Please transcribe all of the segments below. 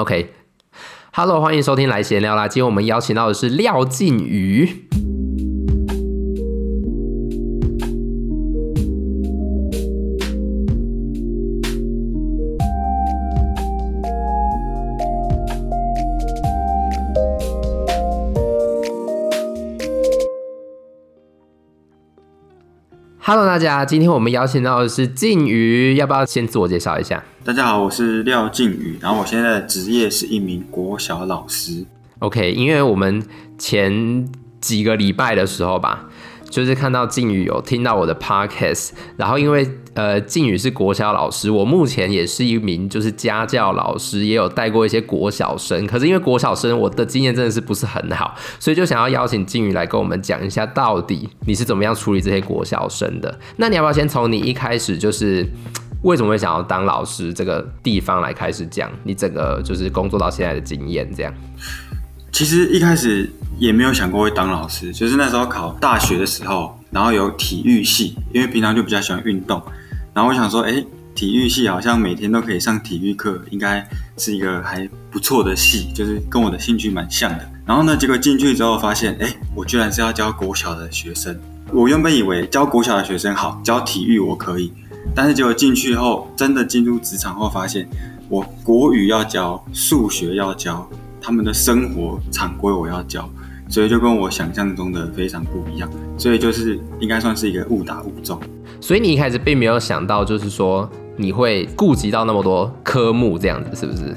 OK，Hello，okay. 歡迎收聽來閒聊啦。今天我們邀請到的是廖勁宇。大家，今天我們邀請到的是勁宇，要不要先自我介紹一下？大家好，我是廖勁宇，然後我現在的職業是一名國小老師。OK，因為我們前幾個禮拜的時候吧，就是看到勁宇有聽到我的 podcast，然後因為。呃，勁宇是國小老師，我目前也是一名就是家教老師，也有帶過一些國小生。可是因為國小生，我的經驗真的是不是很好，所以就想要邀請勁宇來跟我們講一下，到底你是怎麼樣處理這些國小生的。那你要不要先從你一開始就是為什麼會想要當老師這個地方來開始講，你整個就是工作到現在的經驗這樣？其實一開始也沒有想過會當老師，就是那時候考大學的時候，然後有體育系，因為平常就比較喜歡運動。然後我想說，哎，體育系好像每天都可以上體育課，應該是一個還不錯的系，就是跟我的興趣蠻像的。然後呢，結果進去之後發現，哎，我居然是要教國小的學生。我原本以為教國小的學生好，教體育我可以，但是結果進去後，真的進入職場後，發現我國語要教，數學要教，他們的生活常規我要教，所以就跟我想象中的非常不一樣。所以就是應該算是一個誤打誤撞。所以你一開始並沒有想到，就是說你會顧及到那麼多科目這樣子，是不是？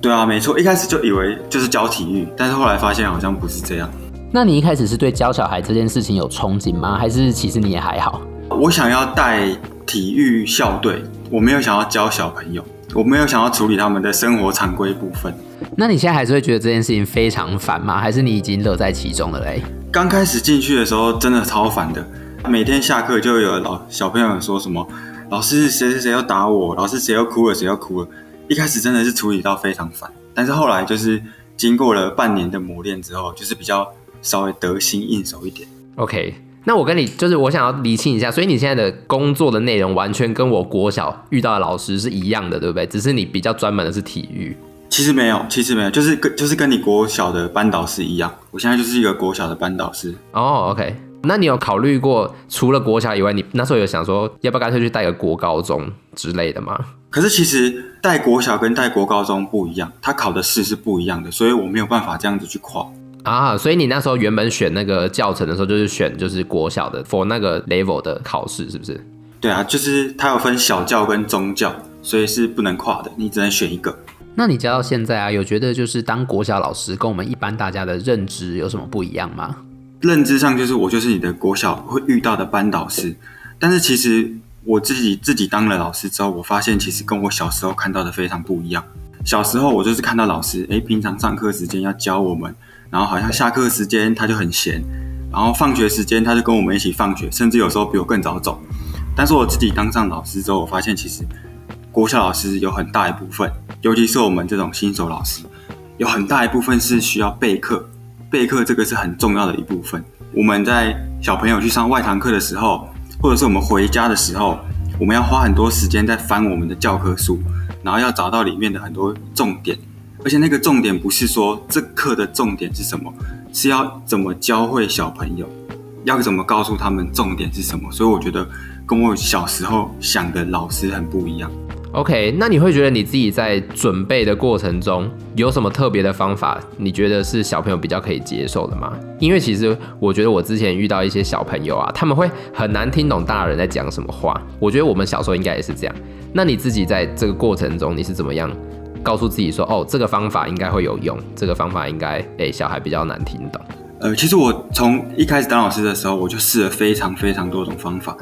對啊，沒錯，一開始就以為就是教體育，但是後來發現好像不是這樣。那你一開始是對教小孩這件事情有憧憬嗎？還是其實你也還好？我想要帶體育校隊，我沒有想要教小朋友，我沒有想要處理他們的生活常規部分。那你現在還是會覺得這件事情非常煩嗎？還是你已經樂在其中了嘞？剛開始進去的時候真的超煩的。每天下課就有老小朋友說什麼，老師誰誰誰要打我，老師誰要哭了誰要哭了。一開始真的是處理到非常煩，但是後來就是經過了半年的磨練之後，就是比較稍微得心應手一點。OK，那我跟你就是我想要釐清一下，所以你現在的工作的內容完全跟我國小遇到的老師是一樣的，對不對？只是你比較專門的是體育。其實沒有，其實沒有，就是跟就是跟你國小的班導師一樣。我現在就是一個國小的班導師。哦，OK。那你有考慮過，除了國小以外，你那時候有想說，要不要乾脆去帶個國高中之類的嗎？可是其實帶國小跟帶國高中不一樣，它考的試是不一樣的，所以我沒有辦法這樣子去跨啊。所以你那時候原本選那個教程的時候，就是選就是國小的，for 那個 level 的考試是不是？對啊，就是它有分小教跟中教，所以是不能跨的，你只能選一個。那你教到現在啊，有覺得就是當國小老師跟我們一般大家的認知有什麼不一樣嗎？認知上就是我就是你的國小會遇到的班導師，但是其實我自己自己當了老師之後，我發現其實跟我小時候看到的非常不一樣。小時候我就是看到老師，誒，平常上課時間要教我們，然後好像下課時間他就很閒，然後放學時間他就跟我們一起放學，甚至有時候比我更早走。但是我自己當上老師之後，我發現其實國小老師有很大一部分，尤其是我們這種新手老師，有很大一部分是需要備課。備課這個是很重要的一部分。我們在小朋友去上外堂課的時候，或者是我們回家的時候，我們要花很多時間在翻我們的教科書，然後要找到裡面的很多重點。而且那個重點不是說這課的重點是什麼，是要怎麼教會小朋友，要怎麼告訴他們重點是什麼。所以我覺得，跟我小時候想的老師很不一樣。OK，那你會覺得你自己在準備的過程中有什麼特別的方法？你覺得是小朋友比較可以接受的嗎？因為其實我覺得我之前遇到一些小朋友啊，他們會很難聽懂大人在講什麼話。我覺得我們小時候應該也是這樣。那你自己在這個過程中，你是怎麼樣告訴自己說，哦，這個方法應該會有用，這個方法應該，哎、欸，小孩比較難聽懂。呃，其實我從一開始當老師的時候，我就試了非常非常多種方法。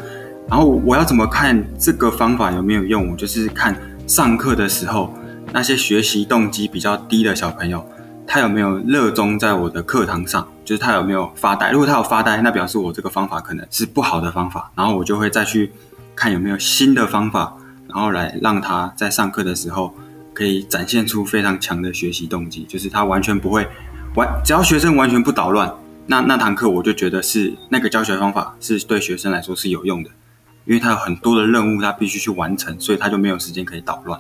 然後我要怎麼看這個方法有沒有用？我就是看上課的時候那些學習動機比較低的小朋友，他有沒有熱衷在我的課堂上？就是他有沒有發呆？如果他有發呆，那表示我這個方法可能是不好的方法。然後我就會再去看有沒有新的方法，然後來讓他在上課的時候可以展現出非常強的學習動機。就是他完全不會完，只要學生完全不搗亂，那那堂課我就覺得是那個教學方法是對學生來說是有用的。因為他有很多的任務，他必須去完成，所以他就沒有時間可以搗亂。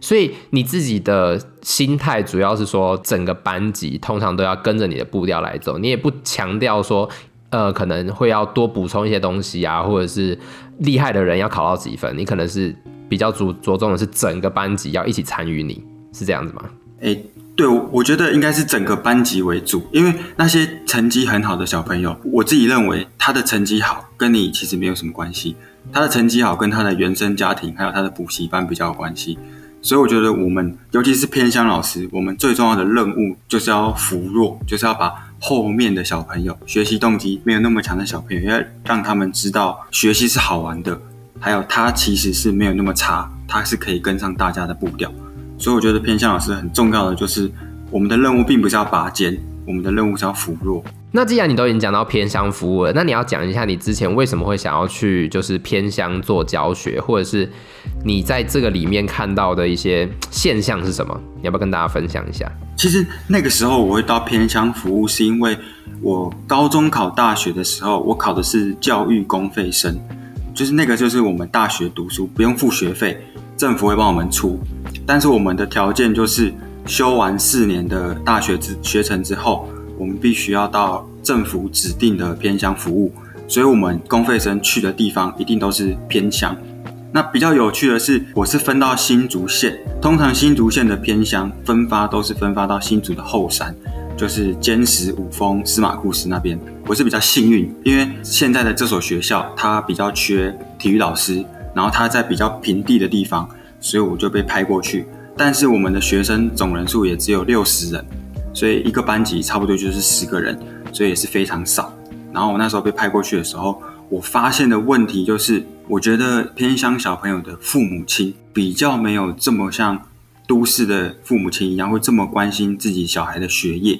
所以你自己的心態主要是說，整個班級通常都要跟着你的步調來走。你也不強調說，呃，可能會要多補充一些東西啊，或者是厲害的人要考到幾分。你可能是比較着着重的是整個班級要一起參與，你是這樣子嗎？誒、欸。對，我，我覺得應該是整個班級為主，因為那些成績很好的小朋友，我自己認為他的成績好跟你其實沒有什麼關係，他的成績好跟他的原生家庭還有他的補習班比較有關係。所以我覺得我們尤其是偏鄉老師，我們最重要的任務就是要扶弱，就是要把後面的小朋友學習動機沒有那麼強的小朋友，要讓他們知道學習是好玩的，還有他其實是沒有那麼差，他是可以跟上大家的步調。所以我覺得偏鄉老師很重要的就是，我們的任務並不是要拔尖，我們的任務是要扶弱。那既然你都已經講到偏鄉服務了，那你要講一下你之前為什麼會想要去就是偏鄉做教學，或者是你在這個裡面看到的一些現象是什麼？你要不要跟大家分享一下？其實那個時候我會到偏鄉服務，是因為我高中考大學的時候，我考的是教育公費生，就是那個就是我們大學讀書不用付學費，政府會幫我們出。但是我們的條件就是修完四年的大學之學成之後，我們必須要到政府指定的偏鄉服務，所以我們公費生去的地方一定都是偏鄉。那比較有趣的是，我是分到新竹縣，通常新竹縣的偏鄉分發都是分發到新竹的後山，就是尖石、五峰、司馬庫斯那邊。我是比較幸運，因為現在的這所學校它比較缺體育老師，然後它在比較平地的地方。所以我就被派過去，但是我們的學生總人數也只有六十人，所以一個班級差不多就是十個人，所以也是非常少。然後我那時候被派過去的時候，我發現的問題就是，我覺得偏鄉小朋友的父母親比較沒有這麼像都市的父母親一樣會這麼關心自己小孩的學業。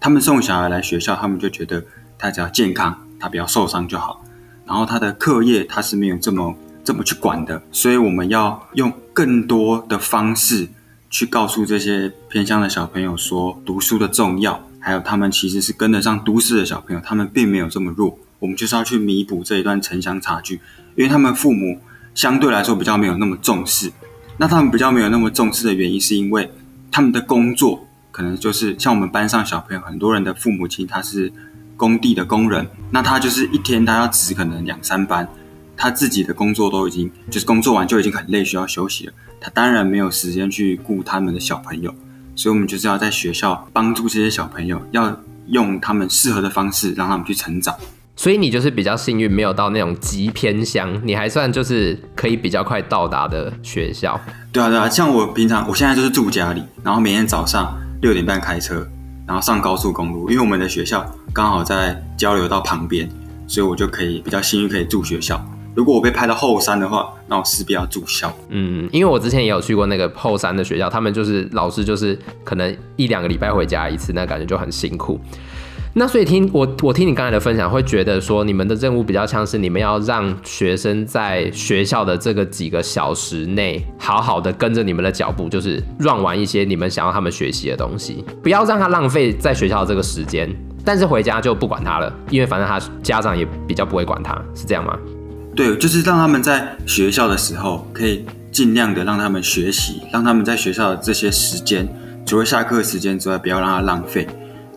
他們送小孩來學校，他們就覺得他只要健康，他不要受傷就好。然後他的課業他是沒有這麼，這麼去管的，所以我們要用更多的方式去告訴這些偏鄉的小朋友說，讀書的重要，還有他們其實是跟得上都市的小朋友，他們並沒有這麼弱。我們就是要去彌補這一段城鄉差距，因為他們父母相對來說比較沒有那麼重視。那他們比較沒有那麼重視的原因，是因為他們的工作可能就是像我們班上小朋友很多人的父母親，他是工地的工人，那他就是一天他要值可能兩三班。他自己的工作都已經就是工作完就已經很累，需要休息了。他當然沒有時間去顧他們的小朋友，所以我們就是要在學校幫助這些小朋友，要用他們適合的方式讓他們去成長。所以你就是比較幸運，沒有到那種極偏鄉，你還算就是可以比較快到達的學校。對啊，對啊，像我平常我現在就是住家裡，然後每天早上六點半開車，然後上高速公路，因為我們的學校剛好在交流道旁邊，所以我就可以比較幸運可以住學校。如果我被派到後山的話，那我勢必要住校。嗯，因為我之前也有去過那個後山的學校，他們就是老師，就是可能一兩個禮拜回家一次，那感覺就很辛苦。那所以聽我，我聽你剛才的分享，會覺得說，你們的任務比較像是你們要讓學生在學校的這個幾個小時內，好好的跟着你們的腳步，就是 run 完一些你們想要他們學習的東西，不要讓他浪費在學校的這個時間。但是回家就不管他了，因為反正他家長也比較不會管他，是這樣嗎？對，就是讓他們在學校的時候，可以盡量的讓他們學習，讓他們在學校的這些時間，除了下課時間之外，不要讓他浪費。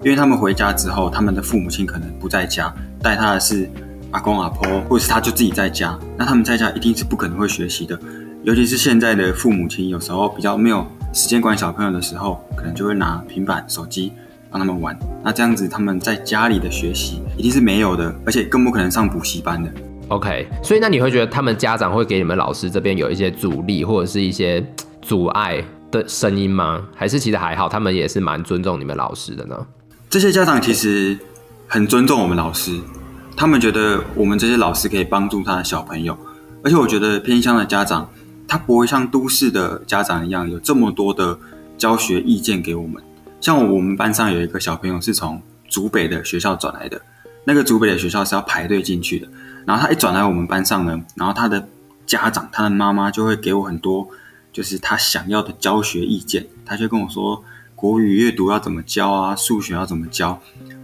因為他們回家之後，他們的父母親可能不在家，帶他的是阿公阿婆，或者是他就自己在家。那他們在家一定是不可能會學習的，尤其是現在的父母親，有時候比較沒有時間管小朋友的時候，可能就會拿平板、手機讓他們玩。那這樣子，他們在家裡的學習一定是沒有的，而且更不可能上補習班的。OK，所以那你會覺得他們家長會給你們老師這邊有一些阻力，或者是一些阻礙的聲音嗎？還是其實還好，他們也是蠻尊重你們老師的呢？這些家長其實很尊重我們老師，他們覺得我們這些老師可以幫助他的小朋友。而且我覺得偏鄉的家長他不會像都市的家長一樣有這麼多的教學意見給我們。像我們班上有一個小朋友是從竹北的學校轉來的，那個竹北的學校是要排隊進去的。然後他一轉來我們班上呢，然後他的家長，他的媽媽就會給我很多，就是他想要的教學意見。他就跟我說，國語閱讀要怎麼教啊，數學要怎麼教。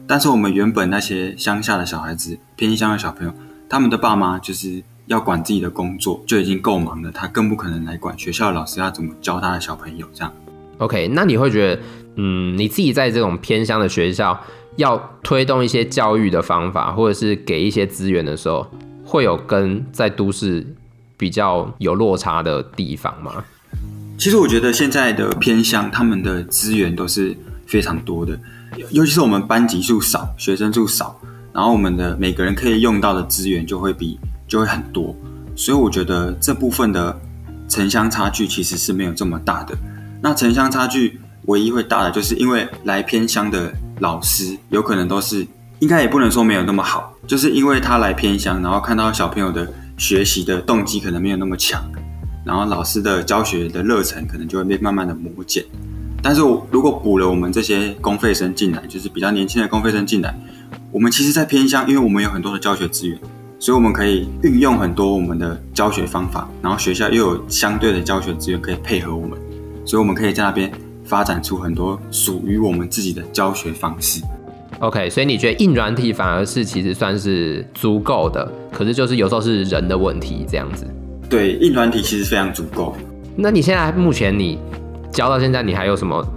但是我們原本那些鄉下的小孩子，偏鄉的小朋友，他們的爸媽就是要管自己的工作，就已經夠忙了，他更不可能來管學校的老師要怎麼教他的小朋友這樣。OK，那你會覺得，嗯，你自己在這種偏鄉的學校，要推動一些教育的方法，或者是給一些資源的時候，會有跟在都市比較有落差的地方嗎？其實我覺得現在的偏鄉，他們的資源都是非常多的，尤其是我們班級數少、學生數少，然後我們的每個人可以用到的資源就會比就會很多，所以我覺得這部分的城鄉差距其實是沒有這麼大的。那城鄉差距唯一會大的，就是因為來偏鄉的。老師有可能都是，應該也不能說沒有那麼好，就是因為他來偏鄉，然後看到小朋友的學習的動機可能沒有那麼強，然後老師的教學的熱忱可能就會被慢慢的磨減。但是我如果補了我們這些公費生進來，就是比較年輕的公費生進來，我們其實，在偏鄉，因為我們有很多的教學資源，所以我們可以運用很多我們的教學方法，然後學校又有相對的教學資源可以配合我們，所以我們可以在那邊。發展出很多屬於我們自己的教學方式。OK，所以你覺得硬軟體反而是其實算是足夠的，可是就是有時候是人的問題這樣子。對，硬軟體其實非常足夠。那你現在目前你教到現在，你還有什麼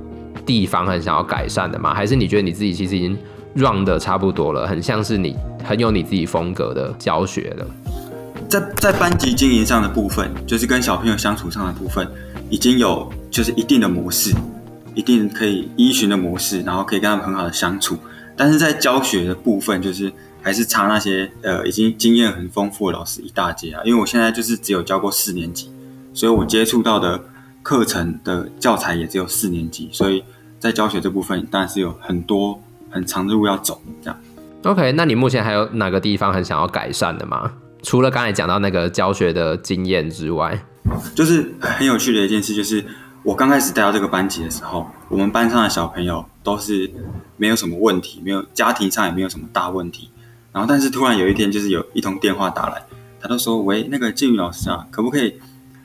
地方很想要改善的嗎？還是你覺得你自己其實已經 run 的差不多了，很像是你很有你自己風格的教學的，在在班級經營上的部分，就是跟小朋友相處上的部分，已經有就是一定的模式。一定可以依循的模式，然後可以跟他們很好的相處，但是在教學的部分，就是還是差那些呃已經經驗很豐富的老師一大截啊。因為我現在就是只有教過四年級，所以我接觸到的課程的教材也只有四年級，所以在教學這部分但是有很多很長的路要走。這樣，OK，那你目前還有哪個地方很想要改善的嗎？除了剛才講到那個教學的經驗之外，就是很有趣的一件事就是。我剛開始帶到這個班級的時候，我們班上的小朋友都是沒有什麼問題，沒有家庭上也沒有什麼大問題。然後，但是突然有一天，就是有一通電話打來，他都說：“喂，那個勁宇老師啊，可不可以？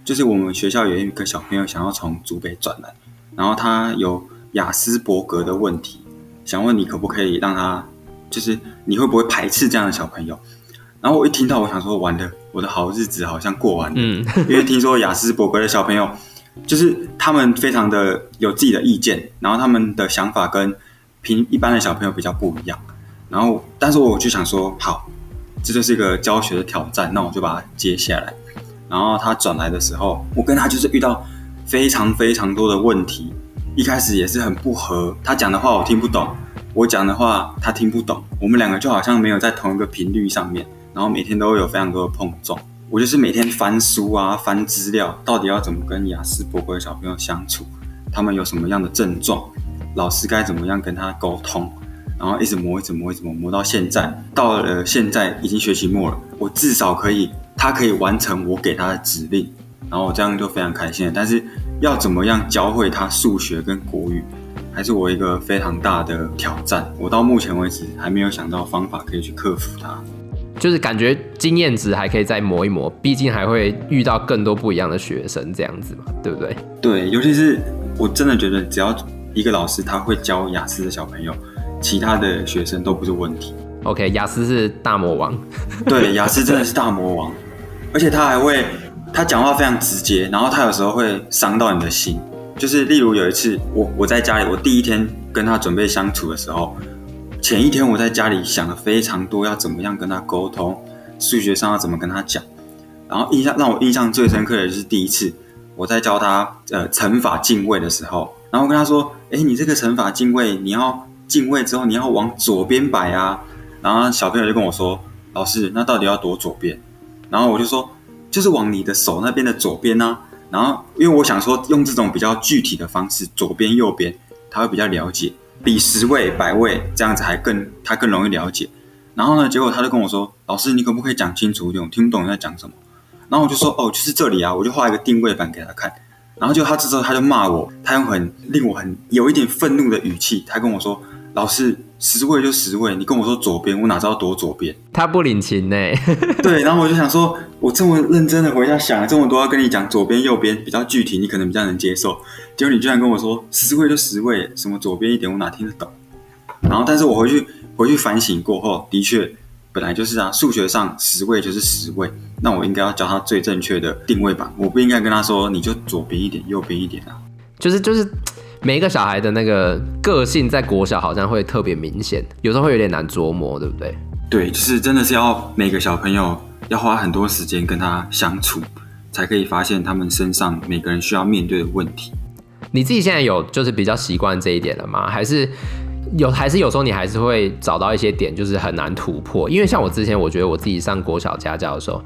就是我們學校有一個小朋友想要從祖北轉來，然後他有亞斯伯格的問題，想問你可不可以讓他，就是你會不會排斥這樣的小朋友？”然後我一聽到，我想說：“完了，我的好日子好像過完了。嗯”因為聽說亞斯伯格的小朋友。就是他們非常的有自己的意見，然後他們的想法跟平一般的小朋友比較不一樣。然後，但是我就想說，好，這就是一個教學的挑戰，那我就把它接下來。然後他轉來的時候，我跟他就是遇到非常非常多的問題。一開始也是很不合，他講的話我聽不懂，我講的話他聽不懂，我們兩個就好像沒有在同一個頻率上面，然後每天都會有非常多的碰撞。我就是每天翻書啊，翻資料，到底要怎麼跟亞斯伯格的小朋友相處？他們有什麼樣的症狀？老師該怎麼樣跟他溝通？然後一直磨，一直磨，一直磨，磨到現在，到了現在已經學期末了，我至少可以，他可以完成我給他的指令，然後我這樣就非常開心了。但是要怎麼樣教會他數學跟國語，還是我一個非常大的挑戰。我到目前為止還沒有想到方法可以去克服他。就是感覺經驗值還可以再磨一磨，畢竟還會遇到更多不一樣的學生這樣子嘛，對不對？對，尤其是我真的覺得，只要一個老師他會教亞斯的小朋友，其他的學生都不是問題。OK，亞斯是大魔王。對，亞斯真的是大魔王， 而且他還會，他講話非常直接，然後他有時候會傷到你的心。就是例如有一次我，我我在家裡，我第一天跟他準備相處的時候。前一天我在家裡想了非常多，要怎麼樣跟他溝通，數學上要怎麼跟他講。然後印象讓我印象最深刻的就是第一次我在教他呃乘法進位的時候，然後我跟他說：“誒，你這個乘法進位，你要進位之後你要往左邊擺啊。”然後小朋友就跟我說：“老師，那到底要躲左邊？”然後我就說：“就是往你的手那邊的左邊啊。”然後因為我想說用這種比較具體的方式，左邊右邊他會比較了解。比十位、百位這樣子還更，他更容易了解。然後呢，結果他就跟我說：“老師，你可不可以講清楚一點？我聽不懂你在講什麼。”然後我就說：“哦，就是這裡啊！”我就畫一個定位板給他看。然後就他這時候他就罵我，他用很令我很有一點憤怒的語氣，他跟我說：“老師。”十位就十位，你跟我說左邊，我哪知道多左邊？他不領情呢。 對，然後我就想說，我這麼認真的回家想了這麼多，要跟你講左邊右邊比較具體，你可能比較能接受。結果你居然跟我說十位就十位，什麼左邊一點，我哪聽得懂？然後，但是我回去回去反省過後，的確，本來就是啊，數學上十位就是十位，那我應該要教他最正確的定位吧？我不應該跟他說你就左邊一點，右邊一點啊，就是就是。每一個小孩的那個個性在國小好像會特別明顯，有時候會有點難琢磨，對不對？對，就是真的是要每個小朋友要花很多時間跟他相處，才可以發現他們身上每個人需要面對的問題。你自己現在有就是比較習慣這一點了嗎？還是有？還是有時候你還是會找到一些點就是很難突破？因為像我之前，我覺得我自己上國小家教的時候。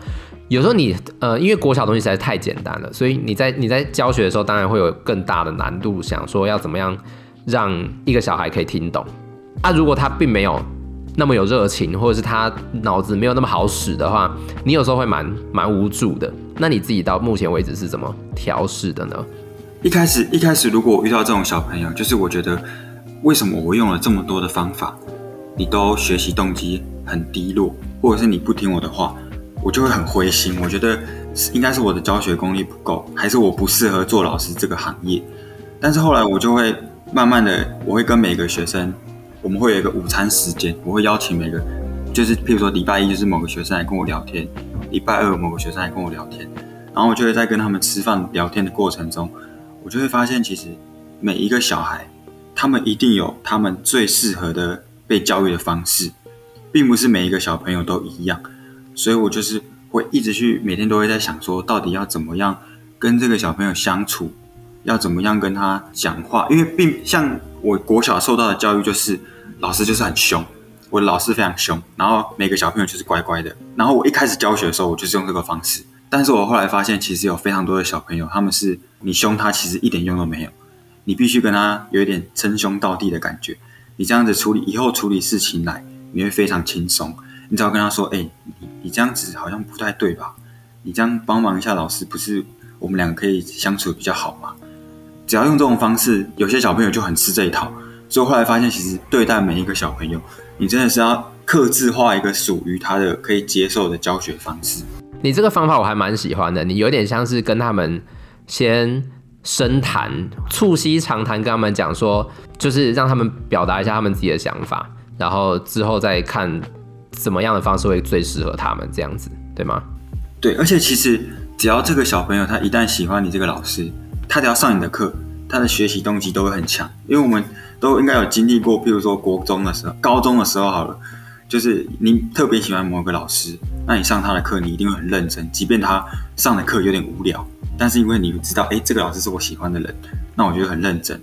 有時候你呃，因為國小的東西實在太簡單了，所以你在你在教學的時候，當然會有更大的難度，想說要怎麼樣讓一個小孩可以聽懂。啊，如果他並沒有那麼有熱情，或者是他腦子沒有那麼好使的話，你有時候會蠻蠻無助的。那你自己到目前為止是怎麼調適的呢？一開始一開始，如果我遇到這種小朋友，就是我覺得為什麼我用了這麼多的方法，你都學習動機很低落，或者是你不聽我的話。我就會很灰心，我覺得應該是我的教學功力不夠，還是我不適合做老師這個行業。但是後來我就會慢慢的，我會跟每個學生，我們會有一個午餐時間，我會邀請每個，就是譬如說禮拜一就是某個學生來跟我聊天，禮拜二某個學生來跟我聊天，然後我就會在跟他們吃飯聊天的過程中，我就會發現其實每一個小孩，他們一定有他們最適合的被教育的方式，並不是每一個小朋友都一樣。所以我就是會一直去，每天都會在想說，到底要怎麼樣跟這個小朋友相處，要怎麼樣跟他講話。因為並像我國小受到的教育就是，老師就是很凶，我的老師非常凶，然後每個小朋友就是乖乖的。然後我一開始教學的時候，我就是用這個方式。但是我後來發現，其實有非常多的小朋友，他們是你凶他，其實一點用都沒有。你必須跟他有一點稱兄道弟的感覺，你這樣子處理以後處理事情來，你會非常輕鬆。你只要跟他說：“誒、欸，你你這樣子好像不太對吧？你這樣幫忙一下老師，不是我們兩個可以相處比較好嗎？只要用這種方式，有些小朋友就很吃這一套。所以後來發現，其實對待每一個小朋友，你真的是要客製化一個屬於他的可以接受的教學方式。你這個方法我還蠻喜歡的，你有點像是跟他們先深談、促膝長談，跟他們講說，就是讓他們表達一下他們自己的想法，然後之後再看。”什麼樣的方式會最適合他們這樣子，對嗎？對，而且其實只要這個小朋友他一旦喜歡你這個老師，他只要上你的課，他的學習動機都會很強。因為我們都應該有經歷過，比如說國中的時候、高中的時候好了，就是你特別喜歡某個老師，那你上他的課，你一定會很認真，即便他上的課有點無聊。但是因為你知道，誒、欸，這個老師是我喜歡的人，那我覺得很認真。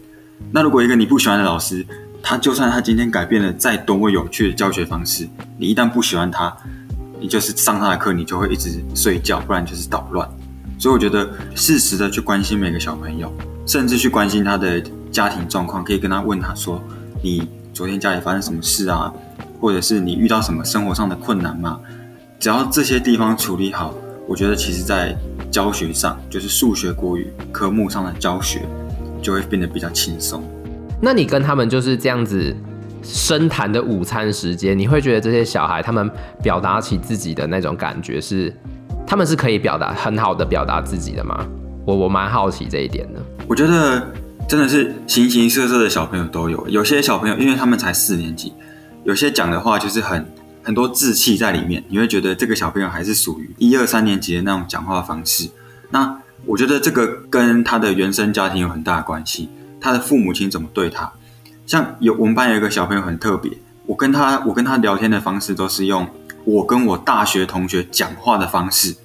那如果一個你不喜歡的老師，他就算他今天改變了再多麼有趣的教學方式，你一旦不喜歡他，你就是上他的課，你就會一直睡覺，不然就是搗亂。所以我覺得適時的去關心每個小朋友，甚至去關心他的家庭狀況，可以跟他問他說：“你昨天家裡發生什麼事啊？或者是你遇到什麼生活上的困難嗎？”只要這些地方處理好，我覺得其實在教學上，就是數學、國語科目上的教學，就會變得比較輕鬆。那你跟他們就是這樣子深談的午餐時間，你會覺得這些小孩他們表達起自己的那種感覺是，他們是可以表達很好的表達自己的嗎？我我蠻好奇這一點的。我覺得真的是形形色色的小朋友都有，有些小朋友因為他們才四年級，有些講的話就是很很多稚氣在裡面，你會覺得這個小朋友還是屬於一二三年級的那種講話方式。那我覺得這個跟他的原生家庭有很大的關係。他的父母親怎麼對他？像有我們班有一個小朋友很特別，我跟他我跟他聊天的方式都是用我跟我大學同學講話的方式，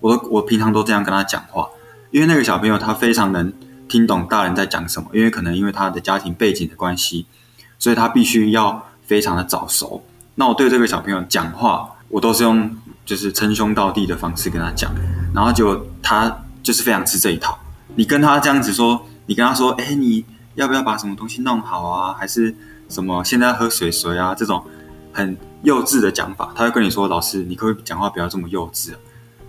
我都我平常都這樣跟他講話，因為那個小朋友他非常能聽懂大人在講什麼，因為可能因為他的家庭背景的關係，所以他必須要非常的早熟。那我對這個小朋友講話，我都是用就是稱兄道弟的方式跟他講，然後就他就是非常吃這一套。你跟他這樣子說。你跟他說，哎、欸，你要不要把什麼東西弄好啊？還是什麼現在喝水水啊？這種很幼稚的講法，他會跟你說，老師，你可不可以講話不要這麼幼稚啊？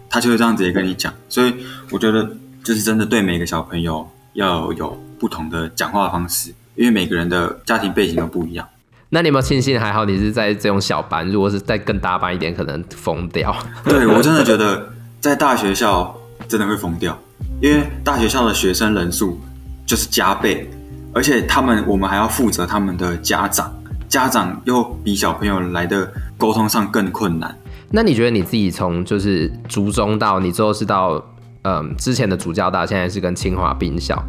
他就會這樣子也跟你講。所以我覺得，就是真的對每個小朋友要有不同的講話的方式，因為每個人的家庭背景都不一樣。那你有沒有慶幸還好你是在這種小班？如果是再更大班一點，可能瘋掉。 對我真的覺得在大學校真的會瘋掉，因為大學校的學生人數。就是加倍，而且他們我們還要負責他們的家長，家長又比小朋友來的溝通上更困難。那你覺得你自己從就是竹中到你之後是到嗯、之前的竹教大，現在是跟清華併校，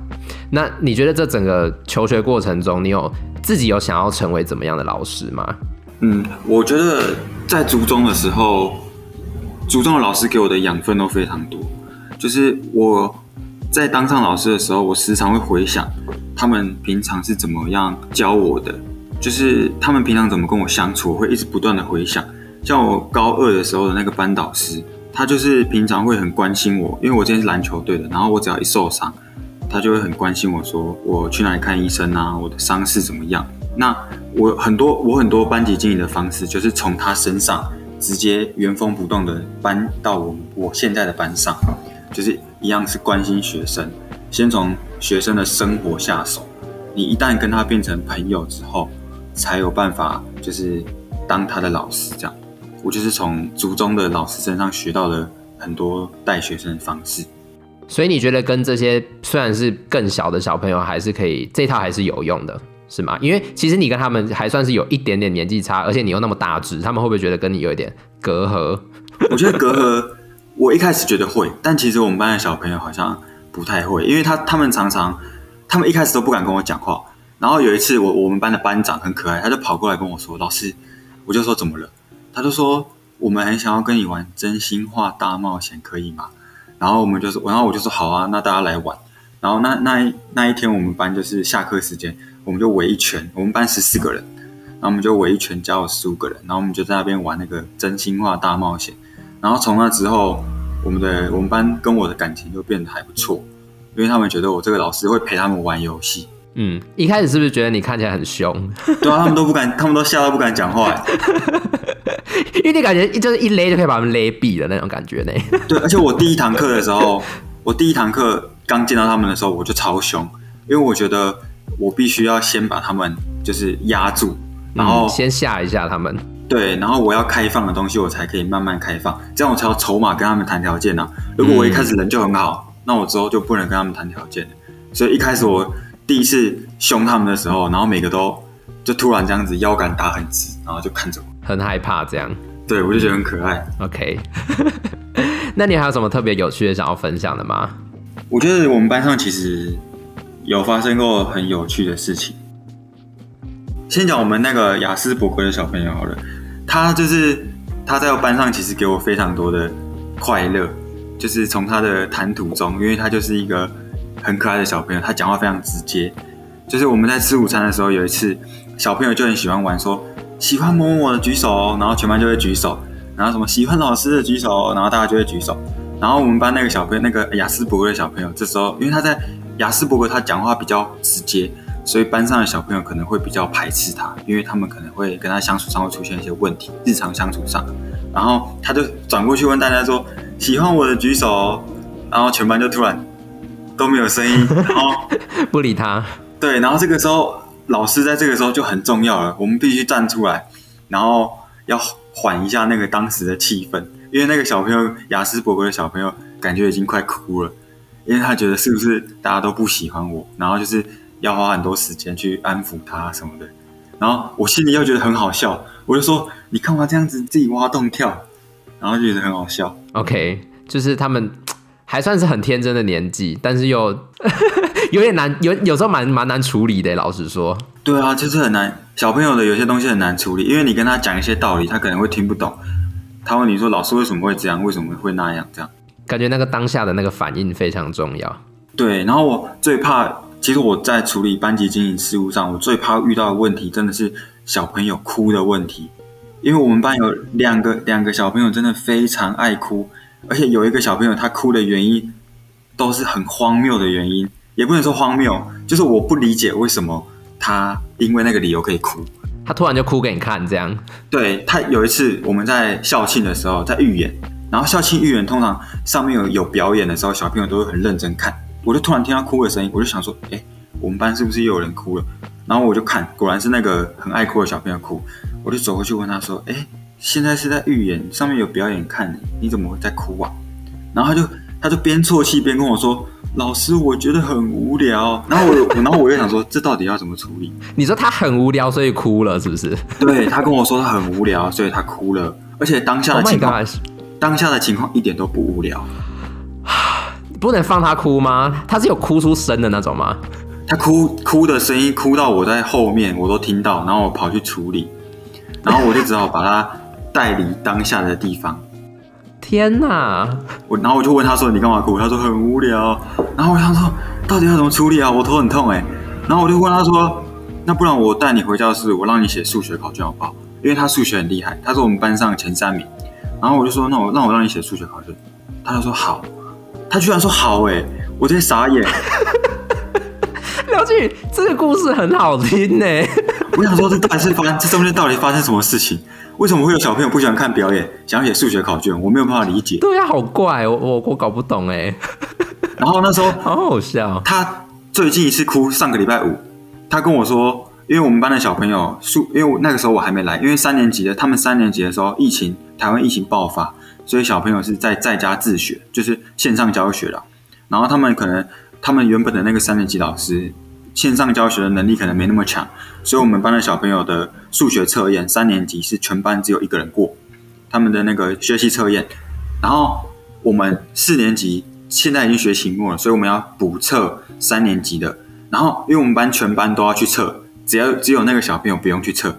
那你覺得這整個求學過程中，你有自己有想要成為怎麼樣的老師嗎？嗯，我覺得在竹中的時候，竹中的老師給我的養分都非常多，就是我。在當上老師的時候，我時常會回想，他們平常是怎麼樣教我的，就是他們平常怎麼跟我相處，我會一直不斷的回想。像我高二的時候的那個班導師，他就是平常會很關心我，因為我之前是籃球隊的，然後我只要一受傷，他就會很關心我說，我去哪裡看醫生啊，我的傷勢怎麼樣。那我很多我很多班級經營的方式，就是從他身上直接原封不動的搬到我我現在的班上。就是一樣是關心學生，先從學生的生活下手。你一旦跟他變成朋友之後，才有辦法就是當他的老師這樣。我就是從初中的老師身上學到了很多帶學生的方式。所以你覺得跟這些雖然是更小的小朋友，還是可以這一套還是有用的，是嗎？因為其實你跟他們還算是有一點點年紀差，而且你又那麼大隻，他們會不會覺得跟你有一點隔閡？我覺得隔閡。 我一開始覺得會，但其實我們班的小朋友好像不太會，因為他他們常常，他們一開始都不敢跟我講話。然後有一次我，我我們班的班長很可愛，他就跑過來跟我說：“老師，我就說怎麼了？”他就說：“我們很想要跟你玩真心話大冒險，可以嗎？”然後我們就說：“然後我就說好啊，那大家來玩。”然後那那那一天我們班就是下課時間，我們就圍一圈，我們班十四個人，然後我們就圍一圈，加我十五個人，然後我們就在那邊玩那個真心話大冒險。然後從那之後，我們的我們班跟我的感情就變得還不錯，因為他們覺得我這個老師會陪他們玩遊戲。嗯，一開始是不是覺得你看起來很兇？對啊，他們都不敢， 他們都嚇到不敢講話。 因為你感覺就是一勒就可以把他們勒斃的那種感覺呢。對，而且我第一堂課的時候，我第一堂課剛見到他們的時候，我就超兇，因為我覺得我必須要先把他們就是壓住，然後、嗯、先嚇一下他們。對，然後我要開放的東西，我才可以慢慢開放，這樣我才有籌碼跟他們談條件呢、啊。如果我一開始人就很好、嗯，那我之後就不能跟他們談條件。所以一開始我第一次凶他們的時候，然後每個都就突然這樣子腰桿打很直，然後就看着我，很害怕這樣。對，我就覺得很可愛。嗯、OK， 那你還有什麼特別有趣的想要分享的嗎？我覺得我們班上其實有發生過很有趣的事情。先講我們那個亞斯伯格的小朋友好了。他就是他在我班上，其實給我非常多的快樂，就是從他的談吐中，因為他就是一個很可愛的小朋友，他講話非常直接。就是我們在吃午餐的時候，有一次小朋友就很喜歡玩說，說喜歡某某的舉手哦，然後全班就會舉手，然後什麼喜歡老師的舉手，然後大家就會舉手。然後我們班那個小朋友，那個亞斯伯格的小朋友，這時候因為他在亞斯伯格，他講話比較直接。所以班上的小朋友可能會比較排斥他，因為他們可能會跟他相處上會出現一些問題，日常相處上。然後他就轉過去問大家說：“喜歡我的舉手。”然後全班就突然都沒有聲音，然後 不理他。對，然後這個時候老師在這個時候就很重要了，我們必須站出來，然後要緩一下那個當時的氣氛，因為那個小朋友，亞斯伯格的小朋友感覺已經快哭了，因為他覺得是不是大家都不喜歡我？然後就是。要花很多時間去安撫他什麼的，然後我心裡又覺得很好笑，我就說你看我這樣子自己挖洞跳，然後覺得很好笑。OK，就是他們還算是很天真的年紀，但是又 有點難，有有時候蠻蠻難處理的。老實說，對啊，就是很難，小朋友的有些東西很難處理，因為你跟他講一些道理，他可能會聽不懂。他問你說老師為什麼會這樣，為什麼會那樣？這樣感覺那個當下的那個反應非常重要。對，然後我最怕。其實我在處理班級經營事務上，我最怕遇到的問題真的是小朋友哭的問題。因為我們班有兩個兩個小朋友，真的非常愛哭，而且有一個小朋友他哭的原因都是很荒謬的原因，也不能說荒謬，就是我不理解為什麼他因為那個理由可以哭，他突然就哭給你看這樣。對，他有一次我們在校慶的時候在預演，然後校慶預演通常上面有有表演的時候，小朋友都會很認真看。我就突然聽到哭的聲音，我就想說，哎、欸，我們班是不是又有人哭了？然後我就看，果然是那個很愛哭的小朋友哭。我就走過去問他說，哎、欸，現在是在預演，上面有表演看，欸，你怎麼會在哭啊？然後他就他就邊啜泣邊跟我說，老師，我覺得很無聊。然後我，然後我就想說， 這到底要怎麼處理？你說他很無聊，所以哭了，是不是？ 對，他跟我說他很無聊，所以他哭了。而且當下的情況，oh、當下的情況一點都不無聊。不能放他哭嗎？他是有哭出聲的那種嗎？他哭哭的聲音哭到我在後面我都聽到，然後我跑去處理，然後我就只好把他帶離當下的地方。 天哪！我然後我就問他說：“你幹嘛哭？”他說：“很無聊。”然後他說：“到底要怎麼處理啊？我頭很痛哎、欸。”然後我就問他說：“那不然我帶你回教室，我讓你寫數學考卷好不好？因為他數學很厲害，他是我們班上前三名。”然後我就說：“那我讓我讓你寫數學考卷。”他就說：“好。”他居然說好哎、欸，我直接傻眼。廖勁宇，這個故事很好聽呢、欸。 我想說，這到底是發生這中間到底發生什麼事情？為什麼會有小朋友不喜歡看表演，想要寫數學考卷？我沒有辦法理解。對啊，好怪，我我我搞不懂哎、欸。 然後那時候好好笑。他最近一次哭，上個禮拜五，他跟我說，因為我們班的小朋友數，因為我那個時候我還沒來，因為三年級的他們三年級的時候，疫情台灣疫情爆發。所以小朋友是在在家自學，就是線上教學的，然後他們可能，他們原本的那個三年級老師，線上教學的能力可能沒那麼強，所以我們班的小朋友的數學測驗三年級是全班只有一個人過，他們的那個學習測驗。然後我們四年級現在已經學期末了，所以我們要補測三年級的。然後因為我們班全班都要去測，只要只有那個小朋友不用去測。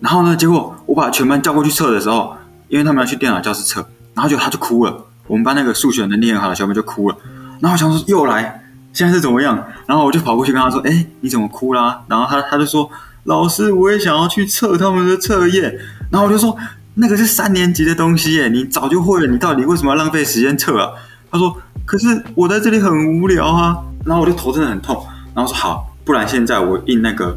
然後呢，結果我把全班叫過去測的時候。因為他們要去電腦教室測，然後就他就哭了。我們班那個數學能力很好的小美就哭了。然後我想說又來，現在是怎麼樣？然後我就跑過去跟他說：“哎，你怎麼哭啦？”然後他他就說：“老師，我也想要去測他們的測驗。”然後我就說：“那個是三年級的東西耶，你早就會了，你到底為什麼要浪費時間測啊？”他說：“可是我在這裡很無聊啊。”然後我就頭真的很痛。然後我說：“好，不然現在我印那個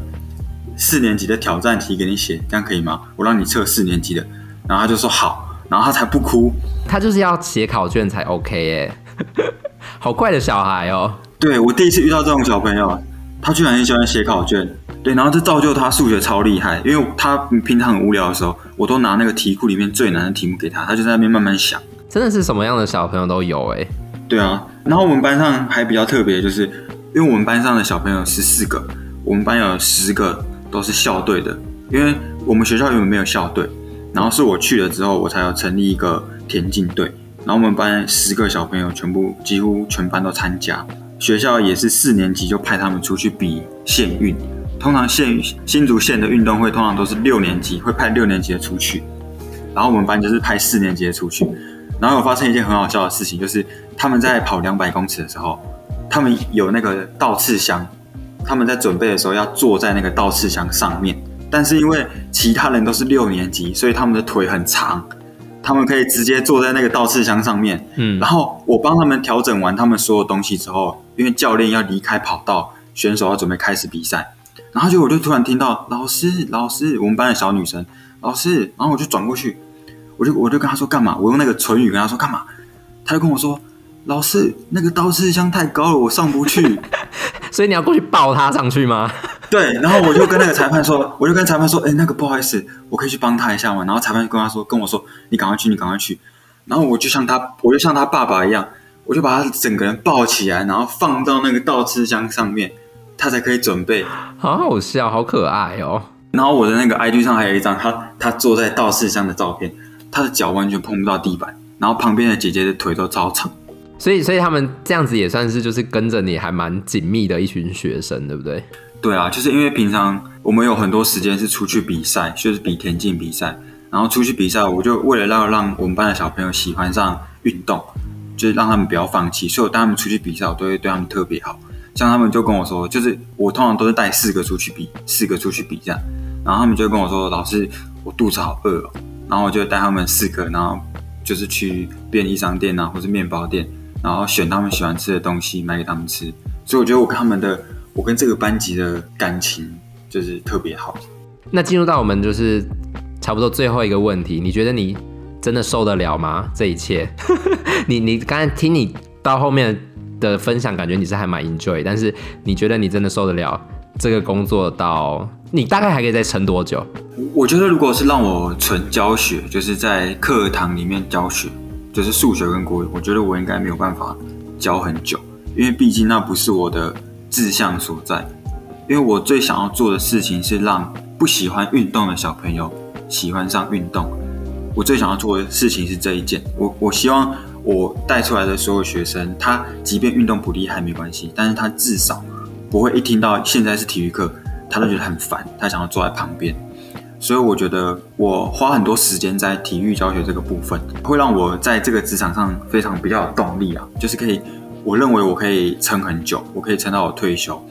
四年級的挑戰題給你寫，這樣可以嗎？我讓你測四年級的。”然後他就說好，然後他才不哭。他就是要寫考卷才 OK 哎、欸， 好怪的小孩哦。對，我第一次遇到這種小朋友，他居然很喜歡寫考卷。對，然後這造就他數學超厲害，因為他平常很無聊的時候，我都拿那個題庫裡面最難的題目給他，他就在那邊慢慢想。真的是什麼樣的小朋友都有哎、欸。對啊，然後我們班上還比較特別，就是因為我們班上的小朋友十四個，我們班有十個都是校隊的，因為我們學校原本沒有校隊。然後是我去了之後，我才有成立一個田徑隊。然後我們班十個小朋友，全部幾乎全班都參加。學校也是四年級就派他們出去比縣運。通常縣新竹縣的運動會，通常都是六年級會派六年級的出去。然後我們班就是派四年級的出去。然後有發生一件很好笑的事情，就是他們在跑兩百公尺的時候，他們有那個道次箱，他們在準備的時候要坐在那個道次箱上面。但是因為其他人都是六年級，所以他們的腿很長，他們可以直接坐在那個倒刺箱上面。嗯，然後我幫他們調整完他們所有東西之後，因為教練要離開跑道，選手要準備開始比賽，然後就我就突然聽到老師，老師，我們班的小女生，老師，然後我就轉過去，我就我就跟他說幹嘛，我用那個唇語跟他說幹嘛，他就跟我說。老師，那個倒刺箱太高了，我上不去。 所以你要過去抱他上去嗎？對，然後我就跟那個裁判說， 我就跟裁判說，哎、欸，那個不好意思，我可以去幫他一下嗎？然後裁判就跟他說，跟我說，你趕快去，你趕快去。然後我就像他，我就像他爸爸一樣，我就把他整個人抱起來，然後放到那個倒刺箱上面，他才可以準備。好好笑，好可愛哦。然後我的那個 IG 上還有一張他他坐在倒刺箱的照片，他的腳完全碰不到地板，然後旁邊的姐姐的腿都超長。所以，所以他們這樣子也算是就是跟着你還蠻緊密的一群學生，對不對？對啊，就是因為平常我們有很多時間是出去比賽，就是比田徑比賽，然後出去比賽，我就為了要讓，讓我們班的小朋友喜歡上運動，就是讓他們不要放棄，所以我帶他們出去比賽，我都會對他們特別好。像他們就跟我說，就是我通常都是帶四個出去比，四個出去比這樣，然後他們就跟我說，老師，我肚子好餓哦，然後我就帶他們四個，然後就是去便利商店啊，或是麵包店。然後選他們喜歡吃的東西買給他們吃，所以我覺得我跟他們的，我跟這個班級的感情就是特別好。那進入到我們就是差不多最後一個問題，你覺得你真的受得了嗎？這一切？ 你你剛才聽你到後面的分享，感覺你是還蠻 enjoy，但是你覺得你真的受得了這個工作到你大概還可以再撐多久？我，我覺得如果是讓我純教學，就是在課堂裡面教學。就是數學跟國語，我覺得我應該沒有辦法教很久，因為畢竟那不是我的志向所在。因為我最想要做的事情是讓不喜歡運動的小朋友喜歡上運動。我最想要做的事情是這一件。我我希望我帶出來的所有學生，他即便運動不厲害還沒關係，但是他至少不會一聽到現在是體育課，他都覺得很煩，他想要坐在旁邊。所以我覺得我花很多時間在體育教學這個部分，會讓我在這個職場上非常比較有動力啊。就是可以，我認為我可以撐很久，我可以撐到我退休。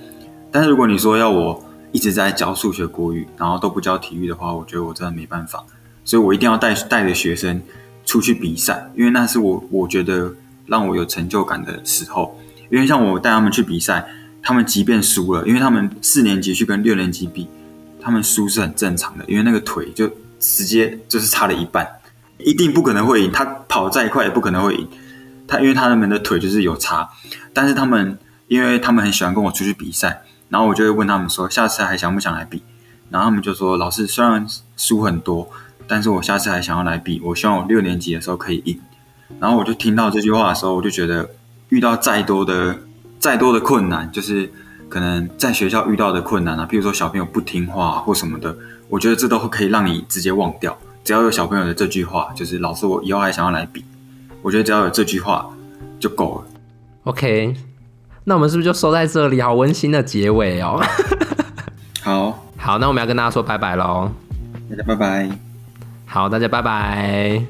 但是如果你說要我一直在教數學、國語，然後都不教體育的話，我覺得我真的沒辦法。所以我一定要帶帶着學生出去比賽，因為那是我我覺得讓我有成就感的時候。因為像我帶他們去比賽，他們即便輸了，因為他們四年級去跟六年級比。他們輸是很正常的，因為那個腿就直接就是差了一半，一定不可能會贏。他跑再快也不可能會贏，他因為他們的腿就是有差。但是他們，因為他們很喜歡跟我出去比賽，然後我就會問他們說：下次還想不想來比？然後他們就說：老師雖然輸很多，但是我下次還想要來比。我希望我六年級的時候可以贏。然後我就聽到這句話的時候，我就覺得遇到再多的、再多的困難，就是。可能在學校遇到的困難啊，譬如說小朋友不聽話、啊、或什麼的，我覺得這都可以讓你直接忘掉。只要有小朋友的這句話，就是老師，我以後還想要來比。我覺得只要有這句話就夠了。OK，那我們是不是就收在這裡？好溫馨的結尾哦。 好好，那我們要跟大家說拜拜嘍。大家拜拜。好，大家拜拜。